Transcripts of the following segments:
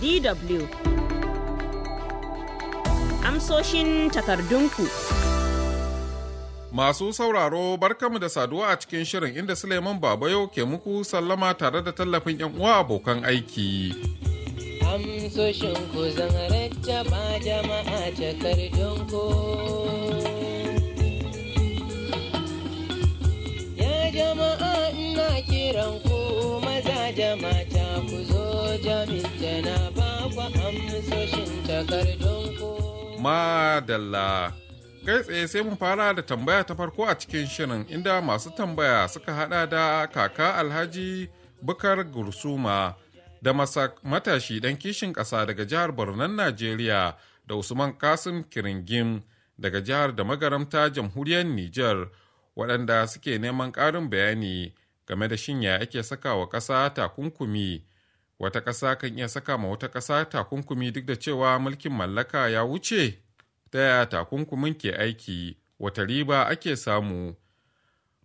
DW. Amsoshin takardunku. Masu sauraro barkamu da saduwa a cikin shirin inda Suleiman Babayo ke muku sallama tare da tallafin 'yan uwa abokan aiki. Amsoshin ku zan ba jama'a takardunku. Ya jama'a ina kiran da mata ku zo jami'a na ba ku amsoshin takardun ku. Madalla. Kai tsaye sai mun fara da tambaya ta farko a cikin shirin inda masu tambaya suka hada da kaka alhaji bukar gursuma da matashi dan kishin ƙasa daga jihar Barnan Najeriya da Usman Kasim Kiringim daga jihar da magaramta jamhuriyar Nijar waɗanda suke neman ƙarin bayani game da shin ya ake saka wa ƙasa takunkumi wata ƙasa kan iya saka ma wata ƙasa takunkumi duk da cewa mulkin mallaka ya wuce ta yaya takunkumin ke aiki wata riba ake samu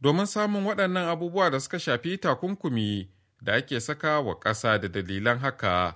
domin samun waɗannan abubuwa da suka shafi takunkumi da ake saka wa ƙasa da dalilan haka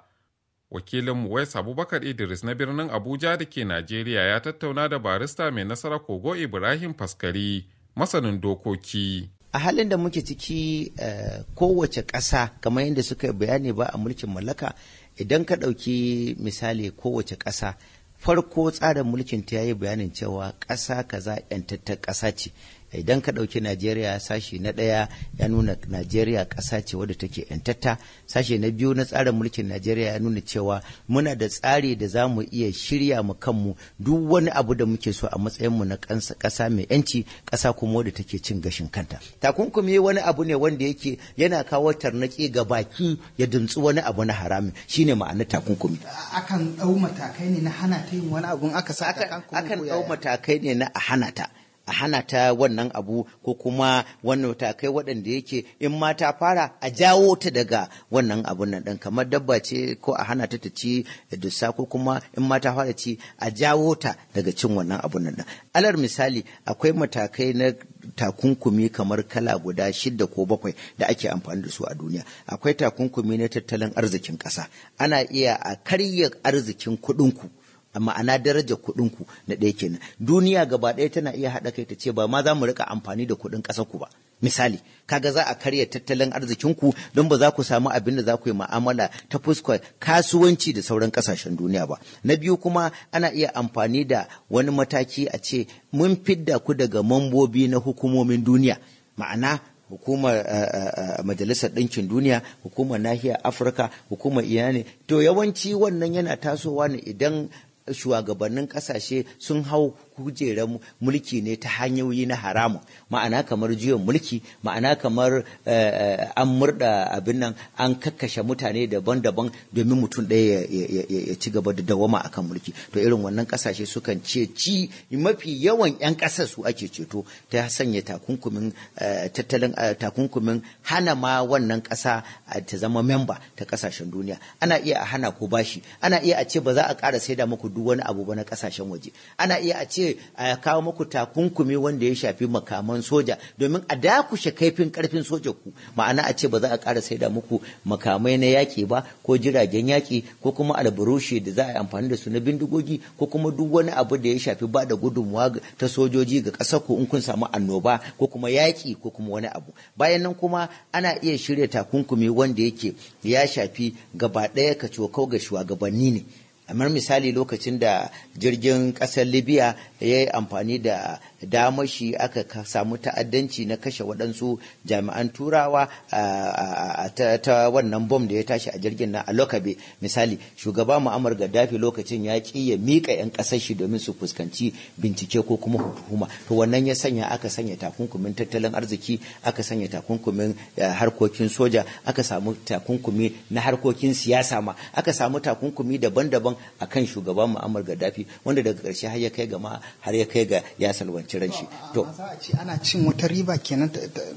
wakilin Wais Abubakar Idris na birnin Abuja da ke Najeriya ya tattauna da barista mai nasara Kogo Ibrahim Faskari masanin dokoki. a halin da muke ciki eh, kowace ƙasa kamar yadda suka bayani ba a mulkin mallaka idan ka ɗauki misali kowace ƙasa farko tsarin mulkin ta yi bayanin cewa ƙasa kaza yantattar ƙasa ce idan ka ɗauki najeriya sashi na ɗaya ya nuna najeriya ƙasa ce wadda take yantatta sashi na biyu na tsarin mulkin najeriya ya nuna cewa muna da tsari da za mu iya shirya mu kanmu duk wani abu da muke so a matsayinmu na ƙasa mai yanci ƙasa kuma wadda take cin gashin kanta takunkumi wani abu ne wanda yake yana kawo tarnaki ga baki ya duntsu wani abu na haramin shine ma'anar takunkumi akan ɗau matakai ne na hana ta yin wani abun aka sa akan ɗau matakai ne na a hana ta a hana ta wannan abu ko kuma wannan matakai waɗanda yake in ma ta fara a jawo ta daga wannan abun nan ɗin kamar dabba ce ko a hana ta ta ci dusa ko kuma in ma ta fara ci a jawo ta daga cin wannan abun nan ɗin alar misali akwai matakai na takunkumi kamar kala guda shida ko bakwai da ake amfani da su a duniya akwai takunkumi na tattalin arzikin ƙasa ana iya a karya arzikin kuɗinku ma'ana daraja kuɗin ku na ɗaya kenan duniya gaba ɗaya tana iya haɗa kai ta ce ba ma za mu rika amfani da kuɗin ƙasar ku ba misali kaga za a karya tattalin arzikin ku don ba za ku samu abin da za ku yi ma'amala ta fuskar kasuwanci da sauran ƙasashen duniya ba na biyu kuma ana iya amfani da wani mataki a ce mun fidda ku daga mambobi na hukumomin duniya ma'ana hukumar eh, eh, eh, majalisar ɗinkin duniya hukumar nahiyar afirka hukumar iyane to yawanci wannan yana tasowa ne idan shugabannin kasashe sun hau kujerar mulki ne ta hanyoyi na haramu ma'ana kamar juyin mulki ma'ana kamar eh, eh, an murda abin nan an kakkashe mutane daban-daban domin mutum ɗaya ya ci gaba da dawama akan mulki to irin wannan kasashe sukan ce ci mafi yawan 'yan kasar su ake ceto ta sanya takunkumin eh, tattalin takunkumin hana ma wannan ƙasa ta zama memba ta ƙasashen duniya ana iya a hana ko bashi ana iya a ce ba za a ƙara saida muku duk wani abu ba na kasashen waje ana iya a ce a a kawo muku takunkumi wanda ya shafi makaman soja domin a dakushe kaifin karfin soja ku ma'ana a ce ba za a ƙara saida muku makamai na yaƙi ba ko jiragen yaƙi ko kuma albarushi da za a yi amfani da su na bindigogi ko kuma duk wani abu da ya shafi ba da gudunmuwa ta sojoji ga ƙasar ku in kun samu annoba ko kuma yaƙi ko kuma wani abu bayan nan kuma ana iya shirya takunkumi wanda yake ya shafi gaba ɗaya ka cokau ga shugabanni ne kamar misali lokacin da jirgin ƙasar libya ya yi amfani da dama shi aka samu ta'addanci na kashe waɗansu jami'an turawa ta wannan bom da ya tashi a jirgin na a lokabe misali shugaba mu'amar gaddafi lokacin ya ƙi ya miƙa 'yan ƙasar shi domin su fuskanci bincike ko kuma hukuma to wannan ya sanya aka sanya takunkumin tattalin arziki aka sanya takunkumin harkokin soja aka samu takunkumi na harkokin siyasa ma aka samu takunkumi daban-daban akan shugaba mu'amar gaddafi wanda daga ƙarshe har ya kai ga ma har ya kai ga ya wani. cire shi to ana cin wata riba kenan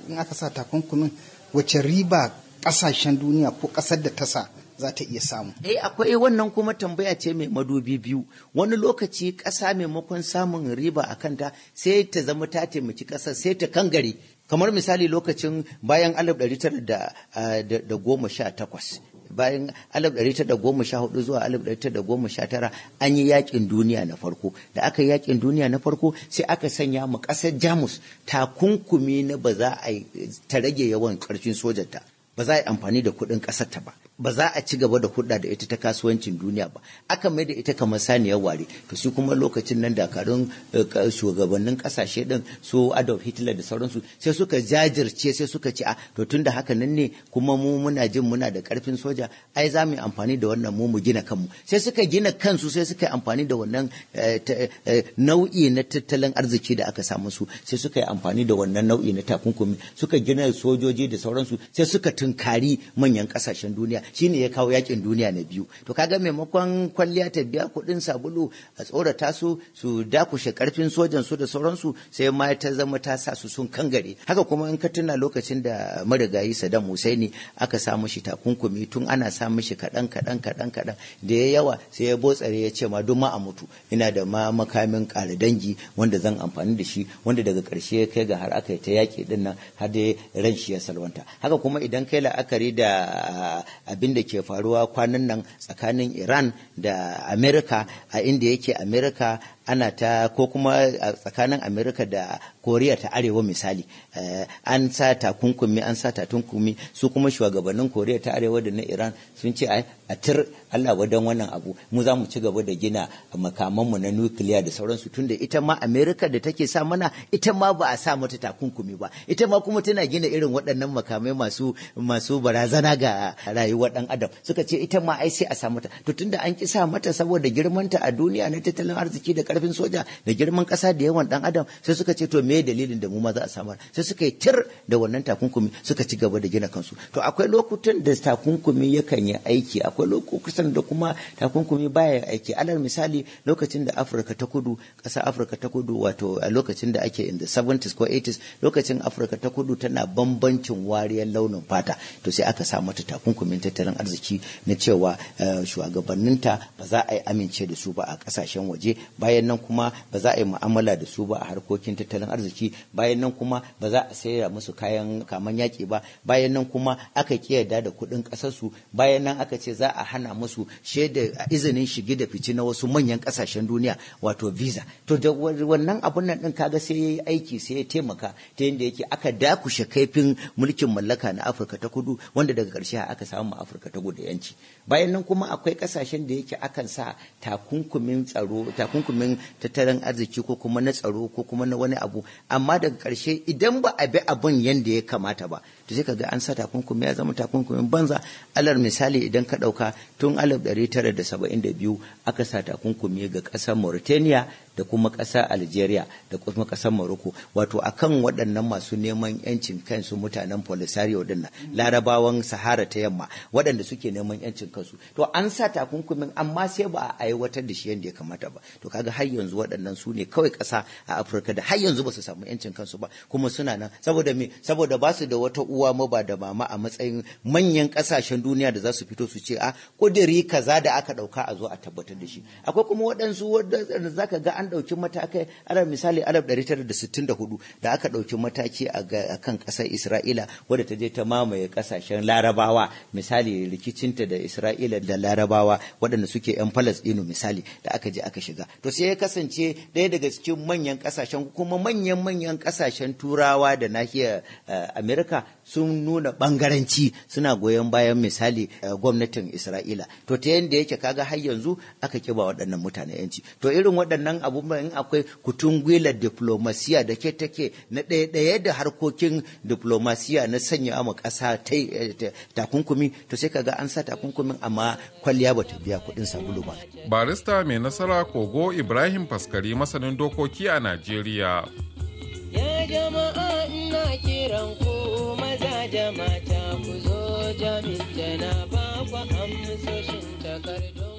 in aka sa takunkumin wace riba kasashen duniya ko kasar da ta sa za ta iya samu. Eh akwai eh, wannan kuma tambaya ce mai madubi biyu wani lokaci ƙasa maimakon samun riba a kanta sai ta zama ta taimaki kasar sai ta kangare kamar misali lokacin bayan alif ɗari tara da ah, goma sha takwas bayan 1914 zuwa 1919 an yi yakin duniya na farko da aka yi yakin duniya na farko sai aka sanya mu kasar jamus takunkumi na ba za a ta rage yawan karfin sojanta ba za a yi amfani da kuɗin ƙasar ta ba ba za a ci gaba da hudda da ita ta kasuwancin duniya ba aka mai da ita kamar saniyar ware to su kuma lokacin nan dakarun eh, shugabannin kasashe din su Adolf Hitler da sauransu sai suka jajirce sai suka ce a ah, to tunda haka nan ne kuma mu muna jin muna da karfin soja ai za mu amfani da wannan mu mu gina kanmu sai suka gina kansu sai suka yi amfani da wannan eh, eh, nau'i na tattalin arziki da aka samu su sai suka yi amfani da wannan nau'i na takunkumi suka gina sojoji da sauransu sai suka tunkari manyan kasashen duniya Shi ne ya kawo yakin duniya na biyu to kaga maimakon kwalliya ta biya kuɗin sabulu a tsorata su su dakushe karfin sojan su da sauransu sai ma ta zama ta sa su sun kangare haka kuma in ka tuna lokacin da marigayi Saddam Hussein aka sa mishi takunkumi tun ana sa mishi kaɗan kaɗan kaɗan kaɗan da ya yawa sai ya botsare ya ce ma duk ma a mutu ina da ma makamin ƙara dangi wanda zan amfani da shi wanda daga ƙarshe ya kai ga har aka yi ta yaƙi ɗin nan har da ran shi ya salwanta haka kuma idan kai la'akari da abin da ke faruwa kwanan nan tsakanin Iran da Amerika a inda yake Amerika ana ta ko kuma a tsakanin amerika da koriya ta arewa misali eh, an sa takunkumi an sa takunkumi su kuma shugabannin koriya ta arewa da na iran sun ce a tir allah wadan wannan abu mu za mu ci gaba da gina makamanmu na nukiliya da sauransu tunda ita ma amerika da take sa mana ita ma ba a sa mata takunkumi ba ita ma kuma tana gina irin waɗannan makamai masu masu barazana ga rayuwar ɗan adam suka ce ita ma ai sai a sa mata to tunda an ki sa mata saboda girmanta a duniya na tattalin arziki da karfin soja da girman kasa da yawan dan adam sai suka ce to me dalilin da mu ma za a samar sai suka yi tir da wannan takunkumi suka ci gaba da gina kansu to akwai lokutan da takunkumi yakan yi aiki akwai lokutan da kuma takunkumi baya aiki alal misali lokacin da Afirka ta kudu kasa Afirka ta kudu wato a lokacin da ake in the 70s ko 80s lokacin Afirka ta kudu tana bambancin wariyar launin fata to sai aka sa mata takunkumin tattalin arziki na cewa eh, shugabanninta ba za a yi amince da su ba a kasashen waje bayan bayan nan kuma ba za a yi mu'amala da su ba a harkokin tattalin arziki bayan nan kuma ba za a sayar musu kayan kaman yaki ba bayan nan kuma aka kiyarda da kuɗin ƙasarsu bayan nan aka ce za a hana musu shaida izinin shige da fice na wasu manyan ƙasashen duniya wato visa to da wannan abun nan ɗin kaga sai ya yi aiki sai ya taimaka ta yadda yake aka dakushe kaifin mulkin mallaka na afirka ta kudu wanda daga ƙarshe aka samu afirka ta kudu yanci bayan nan kuma akwai ƙasashen da yake akan sa takunkumin tsaro takunkumin tattalin arziki ko kuma na tsaro ko kuma na wani abu amma daga karshe idan ba a bi abin yadda ya kamata ba to sai kaga an sa takunkumi ya zama takunkumin banza alal misali idan ka ɗauka tun alif ɗari tara da saba'in da biyu aka sa takunkumi ga ƙasar Mauritania da kuma ƙasa algeria da kuma ƙasar morocco wato akan waɗannan masu neman yancin kansu mutanen polisario dinnan larabawan sahara ta yamma waɗanda suke neman yancin kansu to an sa takunkumin amma sai ba a aiwatar da shi yadda ya kamata ba to kaga har yanzu waɗannan su ne kawai ƙasa a afirka da har yanzu ba su samu yancin kansu ba kuma suna nan saboda me saboda ba su da wata uwa ma ba da mama a matsayin manyan ƙasashen duniya da za su fito su ce a ah, ƙudiri kaza da aka ɗauka a zo a tabbatar da shi akwai kuma waɗansu waɗanda zaka ga an ɗauki matakai alal misali alal ɗari tara da sittin da hudu da aka ɗauki mataki a kan ƙasar isra'ila wadda ta je ta mamaye ƙasashen larabawa misali rikicinta da isra'ila da larabawa waɗanda suke yan falas falastinu misali da aka je aka shiga to sai ya kasance ɗaya daga cikin manyan ƙasashen kuma manyan manyan ƙasashen turawa da nahiyar eh, amerika sun nuna bangaranci suna goyon bayan misali eh, gwamnatin isra'ila to ta yadda yake kaga har yanzu aka kiba waɗannan mutane yanci to irin waɗannan abubuwan in akwai gwila diplomasiya da ke take na ɗaya-ɗaya da harkokin diplomasiya na sanya ma ƙasa eh, takunkumi to sai kaga an sa takunkumin amma kwalliya ba ta biya kuɗin sabulu ba. barista mai nasara kogo ibrahim faskari masanin dokoki a najeriya jama'a ina kiran ku maza jama'a ku zo jami'a na ba ku amsoshin takardu